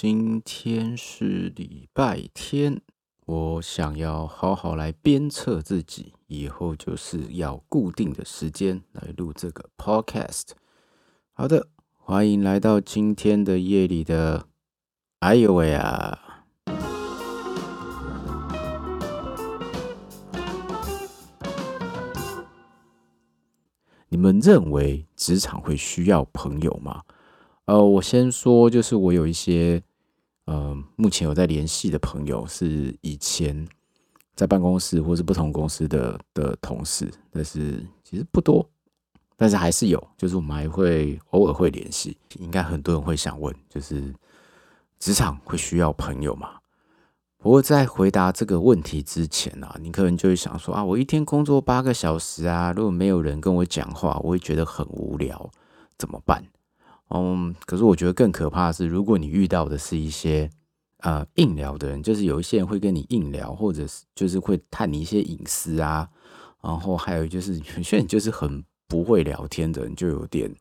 今天是禮拜天，我想要好好來鞭策自己，以後就是要固定的時間來錄這個 Podcast。好的，歡迎來到今天的夜裡的，哎呦喂呀、啊。你們認為職場會需要朋友嗎？呃，我先說，就是我有一些。呃，目前有在聯繫的朋友是以前在辦公室或是不同公司的的同事，但是其實不多，但是還是有，就是我們還會偶爾會聯繫。應該很多人會想問，就是職場會需要朋友嗎？不過在回答這個問題之前啊，你可能就會想說啊，我一天工作八個小時啊，如果沒有人跟我講話，我會覺得很無聊，怎麼辦？嗯，可是我覺得更可怕的是，如果你遇到的是一些呃硬聊的人，就是有一些人會跟你硬聊，或者是就是會探你一些隱私啊，然後還有就是有些人就是很不會聊天的人，就有點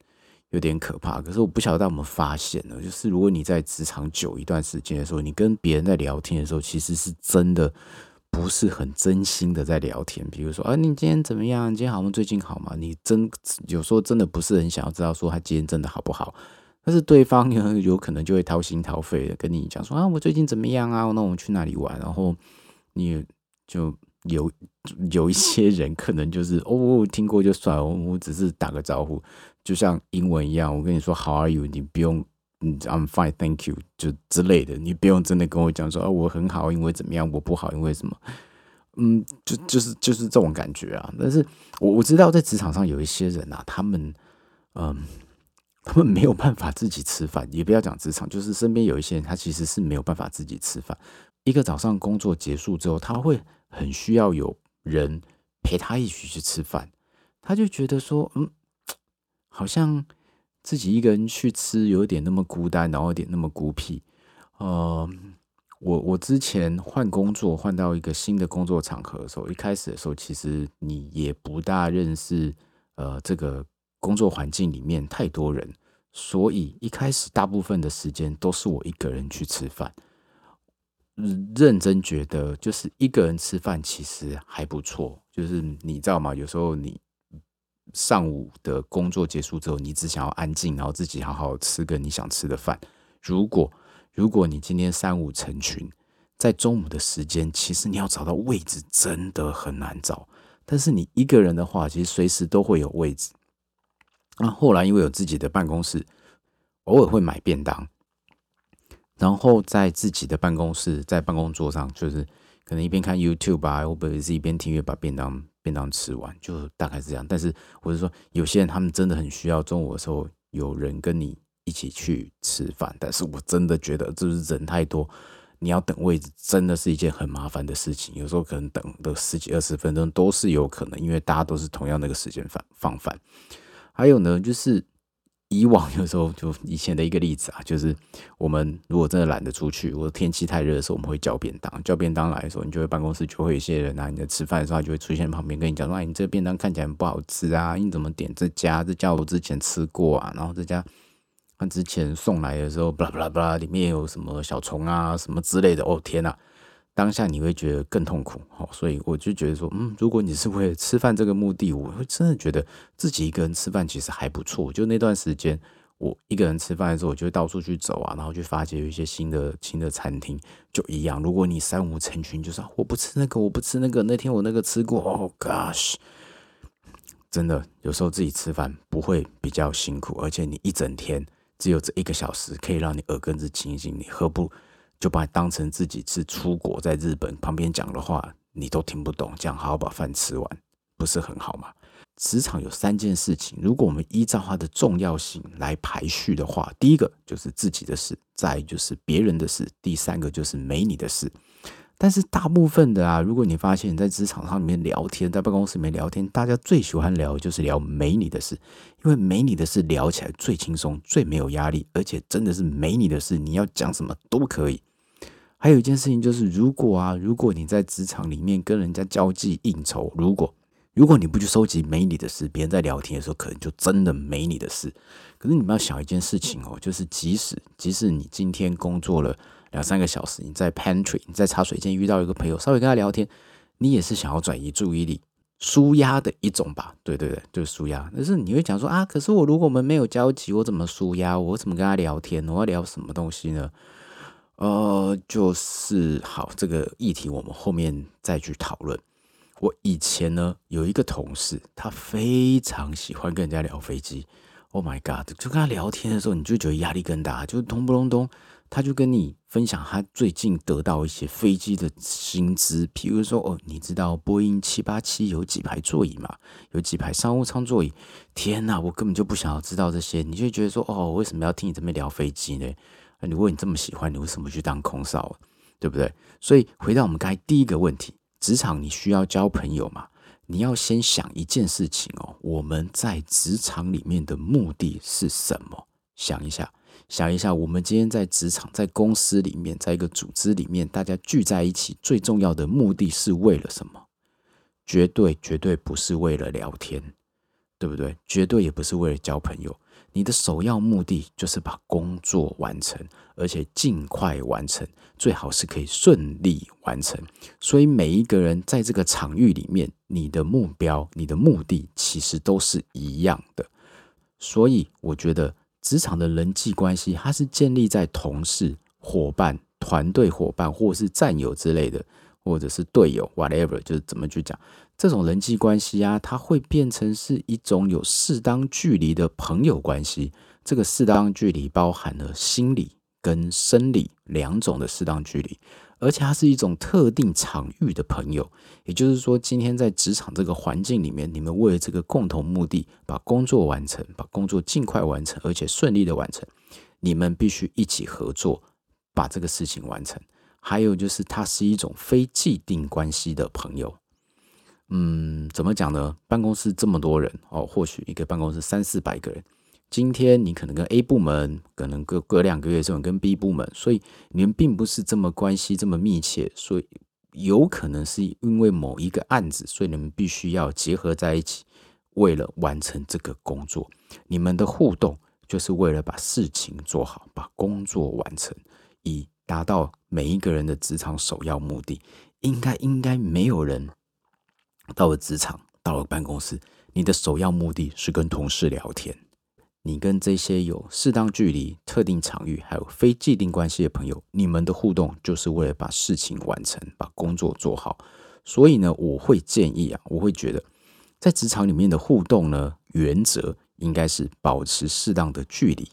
有點可怕。可是我不曉得我們發現了，就是如果你在職場久一段時間的時候，你跟別人在聊天的時候，其實是真的。不是很真心的在聊天，比如說，啊，你今天怎麼樣？你今天好，我們最近好嗎？你真有時候真的不是很想要知道說他今天真的好不好，但是對方有可能就會掏心掏肺的跟你講說啊，我最近怎麼樣啊？那我們去哪裡玩？然後你就有有一些人可能就是哦，聽過就算了，我只是打個招呼，就像英文一樣，我跟你說 How are you，你不用。嗯，I'm fine, thank you，就之類的，你不用真的跟我講說啊，呃，我很好，因為怎麼樣，我不好，因為什麼？嗯，就就是就是這種感覺啊。但是，我我知道在職場上有一些人啊，他們，嗯，他們沒有辦法自己吃飯，也不要講職場，就是身邊有一些人，他其實是沒有辦法自己吃飯。一個早上工作結束之後，他會很需要有人陪他一起去吃飯，他就覺得說，嗯，好像。自己一個人去吃，有點那麼孤單，然後有點那麼孤僻。呃，我我之前換工作，換到一個新的工作場合的時候，一開始的時候，其實你也不大認識，呃，這個工作環境裡面太多人，所以一開始大部分的時間都是我一個人去吃飯。認真覺得，就是一個人吃飯其實還不錯，就是你知道嗎？有時候你。上午的工作結束之後，你只想要安靜，然後自己好好吃個你想吃的飯。如果如果你今天三五成群，在中午的時間，其實你要找到位置真的很難找。但是你一個人的話，其實隨時都會有位置。那後，後來因為有自己的辦公室，偶爾會買便當，然後在自己的辦公室，在辦公桌上，就是可能一邊看 YouTube 吧、啊，或者是一邊聽音樂把便當。便當吃完就大概是這樣，但是我是說，有些人他們真的很需要中午的時候有人跟你一起去吃飯，但是我真的覺得就是人太多，你要等位子真的是一件很麻煩的事情，有時候可能等個十幾二十分鐘都是有可能，因為大家都是同樣那個時間放放飯。還有呢，就是。以往有時候就以前的一個例子啊，就是我們如果真的懶得出去，或天氣太熱的時候，我們會叫便當。叫便當來的時候，你就會辦公室就會有一些人，啊，你在吃飯的時候，他就會出現旁邊跟你講說：“哎、啊，你這個便當看起來不好吃啊，你怎麼點這家？這家我之前吃過啊，然後這家他之前送來的時候，巴拉巴拉巴拉，裡面有什麼小蟲啊，什麼之類的。”哦，天吶、啊。當下你會覺得更痛苦，好，所以我就覺得說，嗯，如果你是為了吃飯這個目的，我會真的覺得自己一個人吃飯其實還不錯。就那段時間，我一個人吃飯的時候，我就會到處去走啊，然後去發掘有一些新的新的餐廳，就一樣。如果你三五成群，就說我不吃那個，我不吃那個。那天我那個吃過，Oh gosh，真的有時候自己吃飯不會比較辛苦，而且你一整天只有這一個小時可以讓你耳根子清醒，你何不？就把它當成自己是出國在日本旁邊講的話，你都聽不懂。這樣好好把飯吃完，不是很好嗎？職場有三件事情，如果我們依照它的重要性來排序的話，第一個就是自己的事，再就是別人的事，第三個就是沒你的事。但是大部分的啊，如果你發現你在職場上裡面，聊天，在辦公室裡面聊天，大家最喜歡聊就是聊沒你的事，因為沒你的事聊起來最輕鬆、最沒有壓力，而且真的是沒你的事，你要講什麼都可以。還有一件事情就是，如果啊，如果你在職場裡面跟人家交際應酬，如果如果你不去收集沒你的事，別人在聊天的時候，可能就真的沒你的事。可是你們要想一件事情哦，就是即使即使你今天工作了兩三個小時，你在 pantry，你在茶水間遇到一個朋友，稍微跟他聊天，你也是想要轉移注意力、舒壓的一種吧？對對對，就是舒壓。但是你會講說啊，可是我如果我們沒有交集，我怎麼舒壓？我怎麼跟他聊天？我要聊什麼東西呢？呃，就是好，這個議題我們後面再去討論。我以前呢有一個同事，他非常喜歡跟人家聊飛機。Oh my god！就跟他聊天的時候，你就覺得壓力更大，就是咚不隆咚，他就跟你分享他最近得到一些飛機的薪資，譬如說，哦，你知道波音七八七有幾排座椅嘛？有幾排商務艙座椅？天哪、啊，我根本就不想要知道這些，你就覺得說，哦，我為什麼要聽你這邊聊飛機呢？那你問你這麼喜歡，你為什麼去當空少啊？對不對？所以回到我們剛才第一個問題，職場你需要交朋友嗎？你要先想一件事情哦，我們在職場裡面的目的是什麼？想一下，想一下，我們今天在職場、在公司裡面、在一個組織裡面，大家聚在一起，最重要的目的是為了什麼？絕對絕對不是為了聊天。對不對？絕對也不是為了交朋友，你的首要目的就是把工作完成，而且盡快完成，最好是可以順利完成。所以每一個人在這個場域裡面，你的目標、你的目的其實都是一樣的。所以我覺得職場的人際關係，它是建立在同事、夥伴、團隊夥伴，或者是戰友之類的，或者是隊友，whatever，就是怎麼去講。這種人際關係啊，它會變成是一種有適當距離的朋友關係。這個適當距離包含了心理跟生理兩種的適當距離，而且它是一種特定場域的朋友。也就是說，今天在職場這個環境裡面，你們為了這個共同目的，把工作完成，把工作儘快完成，而且順利的完成，你們必須一起合作把這個事情完成。還有就是，它是一種非既定關係的朋友。嗯，怎麼講呢？辦公室這麼多人哦，或許一個辦公室三四百個人，今天你可能跟 A 部門，可能隔隔兩個月轉跟 B 部門，所以你們並不是這麼關係這麼密切，所以有可能是因為某一個案子，所以你們必須要結合在一起，為了完成這個工作，你們的互動就是為了把事情做好，把工作完成，以達到每一個人的職場首要目的。應該應該沒有人。到了職場，到了辦公室，你的首要目的是跟同事聊天。你跟這些有適當距離、特定場域還有非既定關係的朋友，你們的互動就是為了把事情完成，把工作做好。所以呢，我會建議啊，我會覺得，在職場裡面的互動呢，原則應該是保持適當的距離，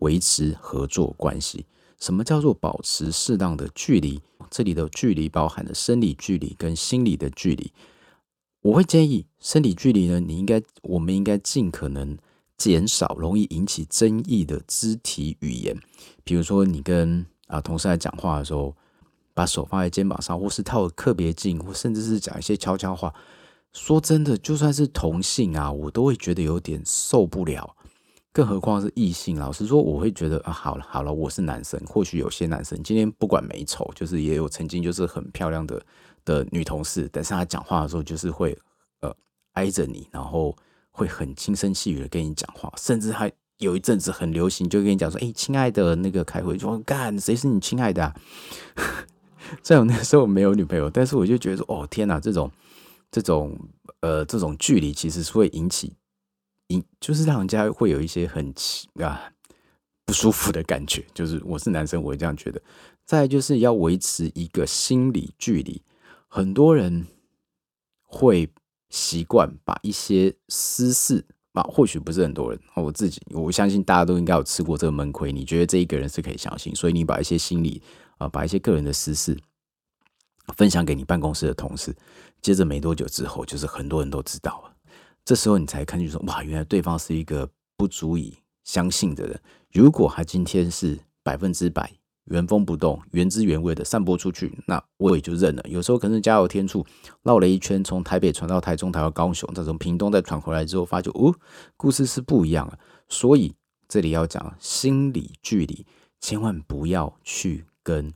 維持合作關係。什麼叫做保持適當的距離？這裡的距離包含了生理距離跟心理的距離。我會建議，身體距離呢，你應該，我們應該盡可能減少容易引起爭議的肢體語言，比如說你跟啊同事在講話的時候，把手放在肩膀上，或是靠得特別近，或甚至是講一些悄悄話。說真的，就算是同性啊，我都會覺得有點受不了，更何況是異性。老實說，我會覺得啊，好了好了，我是男生，或許有些男生今天不管美醜，就是也有曾經就是很漂亮的。的女同事，但是她講話的時候就是會呃挨着你，然後會很輕聲細語的跟你講話，甚至還有一陣子很流行，就跟你講說：“哎、欸，親愛的，那個開會說幹，誰是你親愛的、啊？”在 我那個時候沒有女朋友，但是我就覺得說：“哦，天哪，這種這種呃這種距離其實是會引起，引就是讓人家會有一些很啊不舒服的感覺，就是我是男生，我會這樣覺得。再來就是要維持一個心理距離。很多人會習慣把一些私事，啊，或許不是很多人，我自己，我相信大家都應該有吃過這個悶虧。你覺得這一個人是可以相信，所以你把一些心理啊、呃，把一些個人的私事分享給你辦公室的同事，接着沒多久之後，就是很多人都知道了。這時候你才看見說，哇，原來對方是一個不足以相信的人。如果他今天是百分之百。原封不動、原汁原味的散播出去，那我也就認了。有時候可能是加油添醋，繞了一圈，從台北傳到台中，傳到高雄，再從屏東再傳回來之後，發覺哦，故事是不一樣了。所以這裡要講心理距離，千萬不要去跟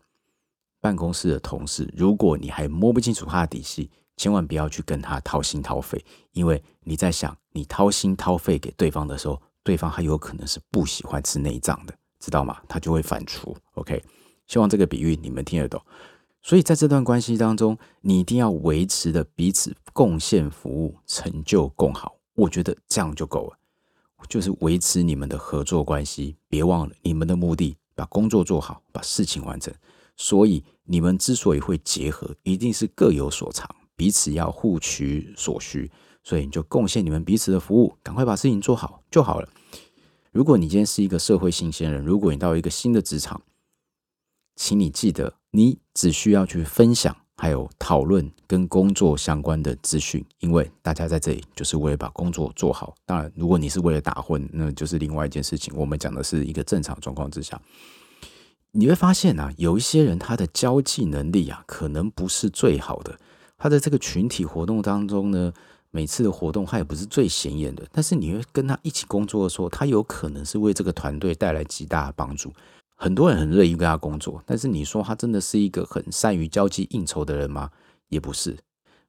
辦公室的同事，如果你還摸不清楚他的底細，千萬不要去跟他掏心掏肺，因為你在想你掏心掏肺給對方的時候，對方還有可能是不喜歡吃內臟的。知道嗎？他就會反芻。OK，希望這個比喻你們聽得懂。所以在這段關係當中，你一定要維持的彼此貢獻、服務、成就共好。我覺得這樣就夠了，就是維持你們的合作關係。別忘了，你們的目的把工作做好，把事情完成。所以你們之所以會結合，一定是各有所長，彼此要互取所需。所以你就貢獻你們彼此的服務，趕快把事情做好就好了。如果你今天是一個社會新鮮人，如果你到一個新的職場，請你記得，你只需要去分享，還有討論跟工作相關的資訊，因為大家在這裡就是為了把工作做好。當然，如果你是為了打混，那就是另外一件事情。我們講的是一個正常狀況之下，你會發現呢、啊，有一些人他的交際能力啊，可能不是最好的，他在這個群體活動當中呢，每次的活動，他也不是最顯眼的，但是你會跟他一起工作的時候，他有可能是為這個團隊帶來極大的幫助。很多人很樂意跟他工作，但是你說他真的是一個很善於交際應酬的人嗎？也不是。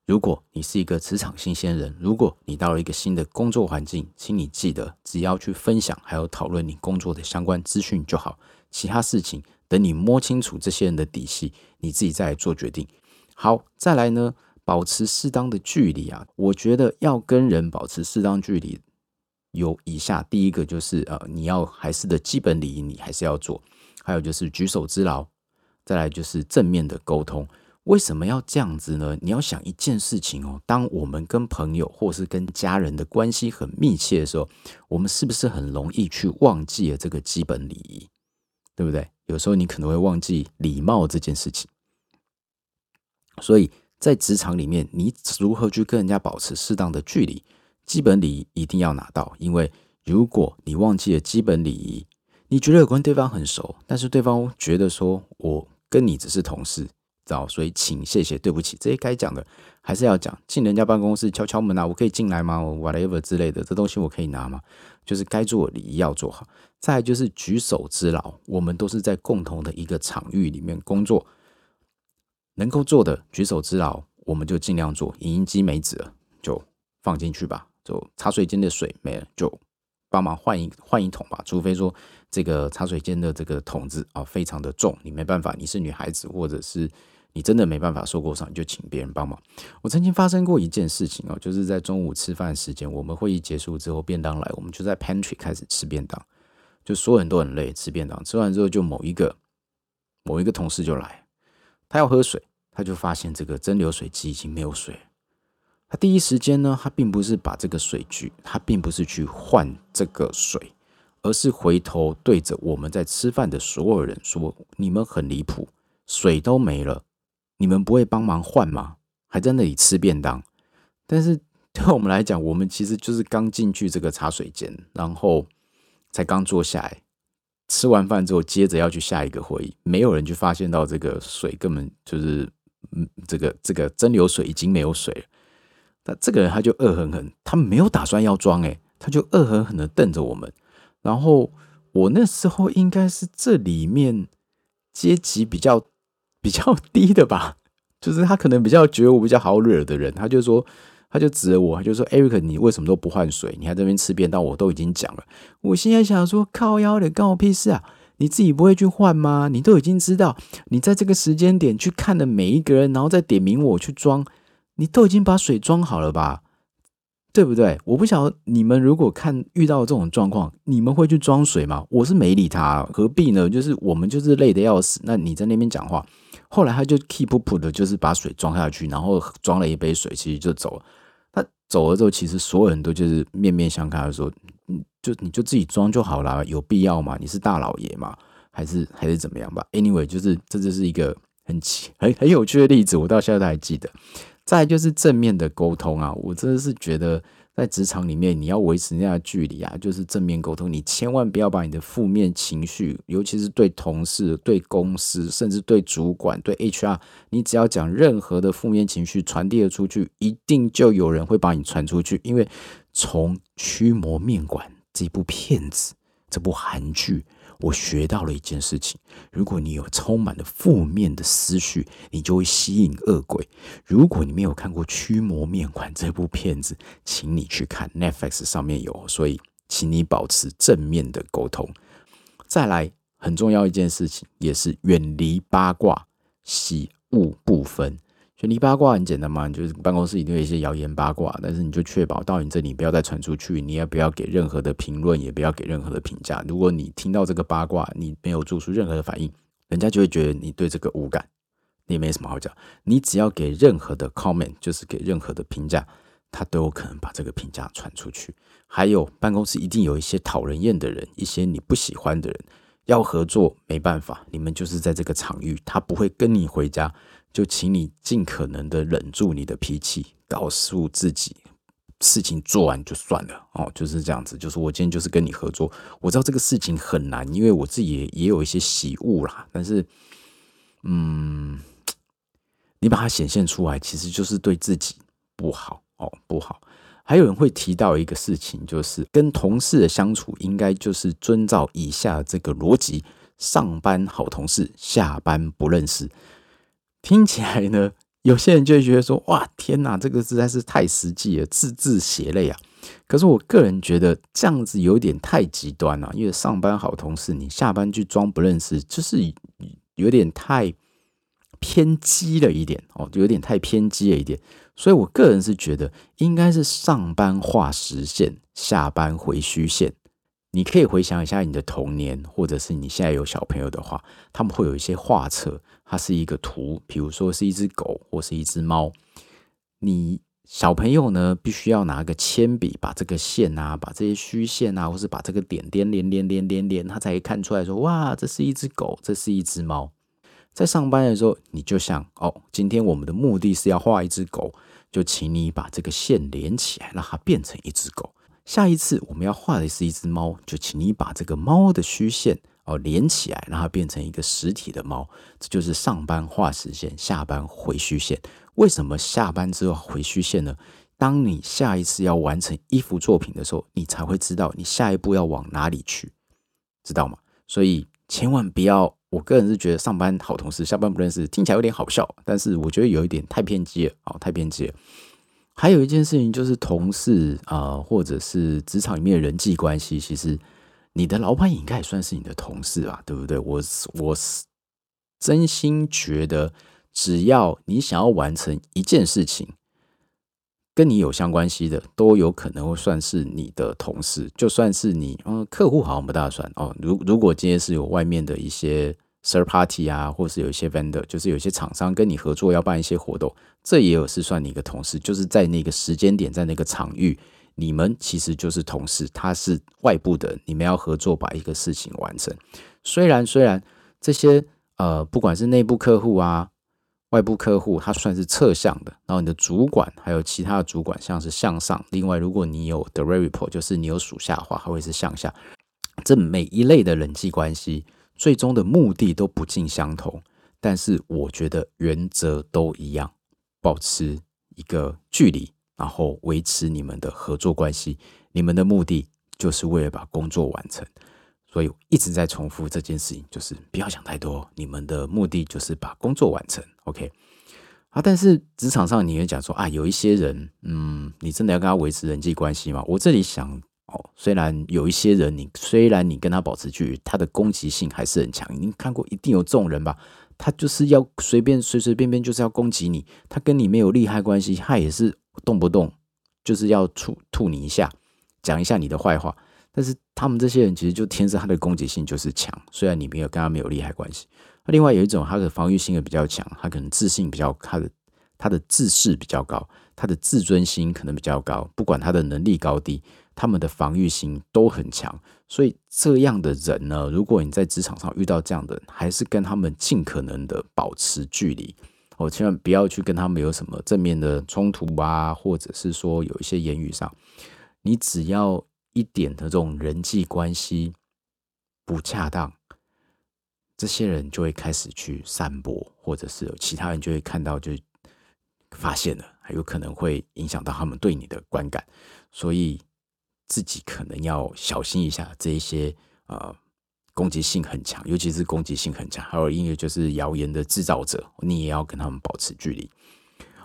如果你是一個職場新鮮人，如果你到了一個新的工作環境，請你記得，只要去分享還有討論你工作的相關資訊就好，其他事情等你摸清楚這些人的底細，你自己再來做決定。好，再來呢？保持適當的距離啊，我覺得要跟人保持適當距離，有以下第一個就是呃，你要還是的基本禮儀你還是要做，還有就是舉手之勞，再來就是正面的溝通。為什麼要這樣子呢？你要想一件事情哦，當我們跟朋友或是跟家人的關係很密切的時候，我們是不是很容易去忘記了這個基本禮儀？對不對？有時候你可能會忘記禮貌這件事情，所以。在職場裡面，你如何去跟人家保持適當的距離？基本禮儀一定要拿到，因為如果你忘記了基本禮儀，你覺得有跟對方很熟，但是對方覺得說我跟你只是同事，知道？所以請謝謝對不起，這些該講的還是要講。進人家辦公室敲敲門啊，我可以進來嗎？Whatever 之類的，這東西我可以拿嗎？就是該做禮儀要做好。再來就是舉手之勞，我們都是在共同的一個場域裡面工作。能夠做的舉手之勞，我們就儘量做。飲水機沒水了，就放進去吧；就茶水間的水沒了，就幫忙換一換一桶吧。除非說這個茶水間的這個桶子啊、哦，非常的重，你沒辦法。你是女孩子，或者是你真的沒辦法受過傷，你就請別人幫忙。我曾經發生過一件事情哦，就是在中午吃飯時間，我們會議結束之後，便當來，我們就在 pantry 開始吃便當，就所有人都很累，吃便當。吃完之後，就某一個某一個同事就來。他要喝水，他就發現這個蒸餾水機已經沒有水。他第一時間呢，他並不是把這個水去，他並不是去換這個水，而是回頭對着我們在吃飯的所有人說：“你們很離譜，水都沒了，你們不會幫忙換嗎？還在那裡吃便當？”但是對我們來講，我們其實就是剛進去這個茶水間，然後才剛坐下來。吃完飯之後，接着要去下一個會議，沒有人去發現到這個水根本就是、這個，這個這個蒸餾水已經沒有水了。那這個人他就惡狠狠，他沒有打算要裝誒、欸，他就惡狠狠的瞪着我們。然後我那時候應該是這裡面階級比較比較低的吧，就是他可能比較覺得我比較好惹的人，他就說。他就指着我，他就說：“Eric，你為什麼都不換水？你還在那邊吃便當？我都已經講了。我現在想說，靠腰，腰的，關我屁事啊！你自己不會去換嗎？你都已經知道，你在這個時間點去看的每一個人，然後再點名我去裝，你都已經把水裝好了吧？對不對？我不曉得你們如果看遇到這種狀況，你們會去裝水嗎？我是沒理他，何必呢？就是我們就是累得要死。那你在那邊講話，後來他就氣噗噗的，就是把水裝下去，然後裝了一杯水，其實就走了。他走了之後，其實所有人都就是面面相看，說，嗯，就你就自己裝就好啦，有必要嗎？你是大老爺嗎？還是還是怎麼樣吧？Anyway，就是這就是一個很很很有趣的例子，我到現在都還記得。再來就是正面的溝通啊，我真的是覺得。在職場裡面，你要維持那樣的距離啊，就是正面溝通。你千萬不要把你的負面情緒，尤其是對同事、對公司，甚至對主管、對 HR，你只要講任何的負面情緒傳遞了出去，一定就有人會把你傳出去。因為從《驅魔麵館》這一部片子，這部韓劇。我學到了一件事情：如果你有充滿了負面的思緒，你就會吸引惡鬼。如果你沒有看過《驅魔麵館》這部片子，請你去看 Netflix 上面有。所以，請你保持正面的溝通。再來，很重要一件事情，也是遠離八卦，喜惡不分。你八卦很簡單嘛，就是辦公室一定有一些謠言八卦，但是你就確保到你這裡不要再傳出去，你也不要給任何的評論，也不要給任何的評價。如果你聽到這個八卦，你沒有做出任何的反應，人家就會覺得你對這個無感，你也沒什麼好講。你只要給任何的 comment，就是給任何的評價，他都有可能把這個評價傳出去。還有辦公室一定有一些討人厭的人，一些你不喜歡的人，要合作沒辦法，你們就是在這個場域，他不會跟你回家。就請你盡可能的忍住你的脾氣，告訴自己，事情做完就算了哦，就是這樣子。就是我今天就是跟你合作，我知道這個事情很難，因為我自己也，也有一些喜惡啦。但是，嗯，你把它顯現出來，其實就是對自己不好哦，不好。還有人會提到一個事情，就是跟同事的相處應該就是遵照以下這個邏輯：上班好同事，下班不認識。聽起來呢，有些人就會覺得說：“哇，天哪，這個實在是太實際了，字字血淚呀。”可是我個人覺得這樣子有點太極端了啊，因為上班好同事，你下班去裝不認識，就是有點太偏激了一點哦，有點太偏激了一點。所以我個人是覺得，應該是上班畫實線，下班回虛線。你可以回想一下你的童年，或者是你現在有小朋友的話，他們會有一些畫冊。它是一個圖，比如說是一隻狗或是一隻貓，你小朋友呢，必須要拿個鉛筆，把這個線啊，把這些虛線啊，或是把這個點點連連連連連，他才可以看出來說，哇，這是一隻狗，這是一隻貓。在上班的時候，你就想，哦，今天我們的目的是要畫一隻狗，就請你把這個線連起來，讓它變成一隻狗。下一次我們要畫的是一隻貓，就請你把這個貓的虛線。哦，連起來讓它變成一個實體的貓，這就是上班畫實線，下班回虛線。為什麼下班之後回虛線呢？當你下一次要完成一幅作品的時候，你才會知道你下一步要往哪裡去，知道嗎？所以千萬不要，我個人是覺得上班好同事，下班不認識，聽起來有點好笑，但是我覺得有一點太偏激了，哦，太偏激了。還有一件事情就是同事啊、呃，或者是職場裡面的人際關係，其實。你的老闆應該也算是你的同事吧，對不對？我我是真心覺得，只要你想要完成一件事情，跟你有相關係的，都有可能會算是你的同事。就算是你，嗯，客戶好像不大算哦。如如果今天是有外面的一些 third party 啊，或是有一些 vendor，就是有些廠商跟你合作要辦一些活動，這也有是算你的同事，就是在那個時間點，在那個場域，你們其實就是同事，他是外部的，你們要合作把一個事情完成。雖然雖然這些呃，不管是內部客戶啊、外部客戶，他算是側向的。然後你的主管還有其他的主管，像是向上。另外，如果你有 direct report，就是你有屬下的話，還會是向下。這每一類的人際關係，最終的目的都不盡相同，但是我覺得原則都一樣，保持一個距離。然後維持你們的合作關係，你們的目的就是為了把工作完成，所以一直在重複這件事情，就是不要想太多。你們的目的就是把工作完成，OK？啊，但是職場上你也講說啊，有一些人，嗯，你真的要跟他維持人際關係嗎？我這裡想哦，雖然有一些人你，你雖然你跟他保持距離，他的攻擊性還是很強。你看過一定有這種人吧？他就是要隨便隨隨便便就是要攻擊你，他跟你沒有利害關係，他也是。動不動就是要吐吐你一下，講一下你的壞話。但是他們這些人其實就天生他的攻擊性就是強，雖然你沒有跟他沒有利害關係。另外有一種他的防禦心也比較強，他可能自信比較，他的他的自視比較高，他的自尊心可能比較高。不管他的能力高低，他們的防禦心都很強。所以這樣的人呢，如果你在職場上遇到這樣的人，還是跟他們盡可能的保持距離。我、哦、千萬不要去跟他們有什麼正面的衝突啊，或者是說有一些言語上，你只要一點的這種人際關係不恰當，這些人就會開始去散播，或者是其他人就會看到就發現了，還有可能會影響到他們對你的觀感，所以自己可能要小心一下這一些，呃。攻擊性很強，尤其是攻擊性很強，還有一個就是謠言的製造者，你也要跟他們保持距離。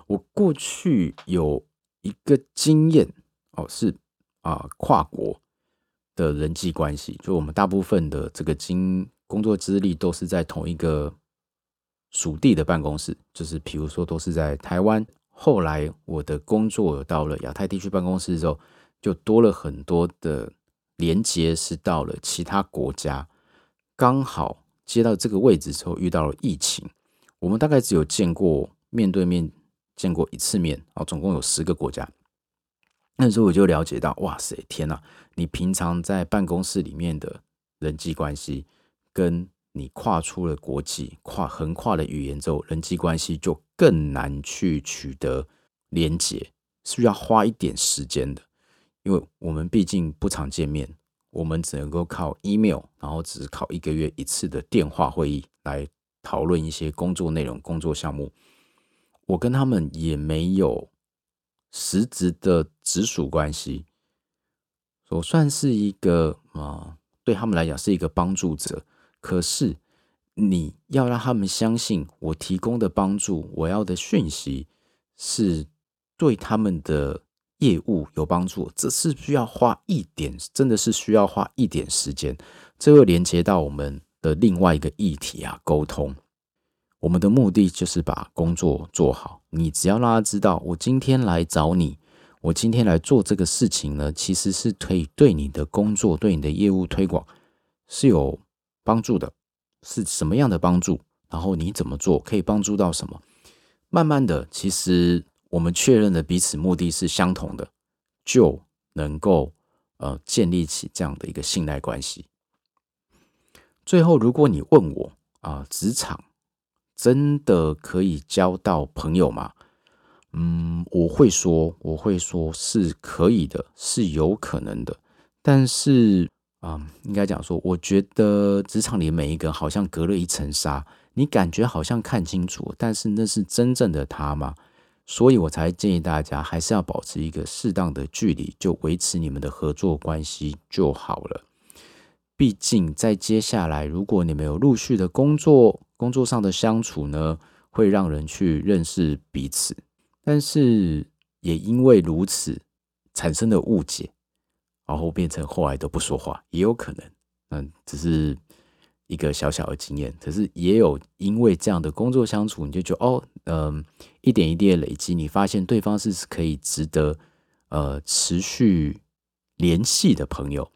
我過去有一個經驗哦，是啊、呃，跨國的人際關係，就我們大部分的這個經工作資歷都是在同一個屬地的辦公室，就是比如說都是在台灣。後來我的工作到了亞太地區辦公室之後，就多了很多的連接，是到了其他國家。剛好接到這個位置之後，遇到了疫情，我們大概只有見過面對面見過一次面啊，然後總共有十個國家。那時候我就了解到，哇塞，天吶，你平常在辦公室裡面的人際關係，跟你跨出了國際，跨橫跨了語言之後，人際關係就更難去取得連接，是不是要花一點時間的，因為我們畢竟不常見面。我們只能夠靠 email，然後只靠一個月一次的電話會議來討論一些工作內容、工作項目。我跟他們也沒有實質的直屬關係，我算是一個啊、呃，對他們來講是一個幫助者。可是你要讓他們相信我提供的幫助，我要的訊息是對他們的業務有幫助，這是需要花一點，真的是需要花一點時間。這又連接到我們的另外一個議題啊，溝通。我們的目的就是把工作做好。你只要讓他知道，我今天來找你，我今天來做這個事情呢，其實是可以對你的工作、對你的業務推廣是有幫助的。是什麼樣的幫助？然後你怎麼做可以幫助到什麼？慢慢的，其實。我們確認的彼此目的是相同的，就能夠呃建立起這樣的一個信賴關係。最後，如果你問我啊、呃，職場真的可以交到朋友嗎？嗯，我會說，我會說是可以的，是有可能的。但是啊、呃，應該講說，我覺得職場裡每一個好像隔了一層紗，你感覺好像看清楚，但是那是真正的他嗎？所以我才建議大家，還是要保持一個適當的距離，就維持你們的合作關係就好了。畢竟在接下來，如果你們有陸續的工作，工作上的相處呢，會讓人去認識彼此。但是也因為如此，產生的誤解，然後變成後來都不說話，也有可能。嗯，只是。一個小小的經驗，可是也有因為這樣的工作相處，你就覺得哦，嗯、呃，一點一滴的累積，你發現對方是可以值得呃持續聯繫的朋友。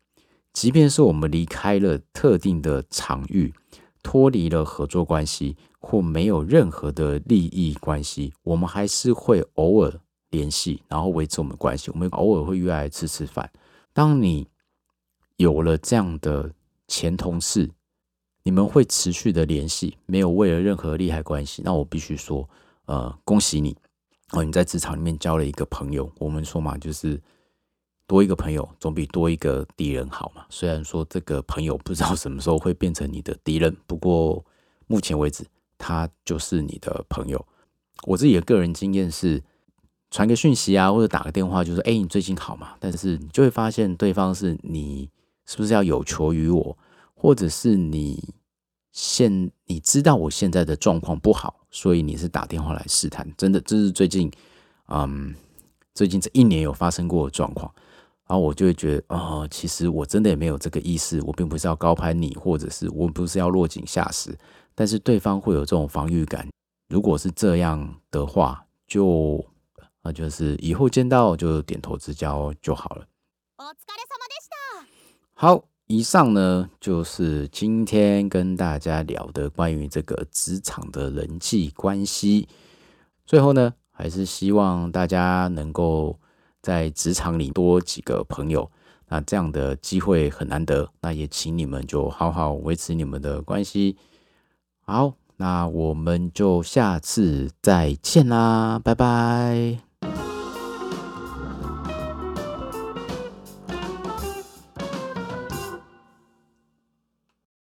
即便是我們離開了特定的場域，脫離了合作關係或沒有任何的利益關係，我們還是會偶爾聯繫，然後維持我們關係。我們偶爾會約來吃吃飯。當你有了這樣的前同事，你們會持續的聯繫，沒有為了任何利害關係。那我必須說，呃，恭喜你哦，呃！你在職場裡面交了一個朋友。我們說嘛，就是多一個朋友總比多一個敵人好嘛。雖然說這個朋友不知道什麼時候會變成你的敵人，不過目前為止他就是你的朋友。我自己的個人經驗是，傳個訊息啊，或者打個電話，就是，就說“哎，你最近好嗎？”但是你就會發現對方是你是不是要有求於我？或者是你現你知道我現在的狀況不好，所以你是打電話來試探，真的，這，就是最近，嗯，最近這一年有發生過的狀況，然後我就會覺得啊、呃，其實我真的也沒有這個意思，我並不是要高攀你，或者是我不是要落井下石，但是對方會有這種防禦感。如果是這樣的話，就啊、呃，就是以後見到就點頭之交就好了。好。以上呢，就是今天跟大家聊的關於這個職場的人際關係。最後呢，還是希望大家能夠在職場裡多幾個朋友。那這樣的機會很難得，那也請你們就好好維持你們的關係。好，那我們就下次再見啦，拜拜。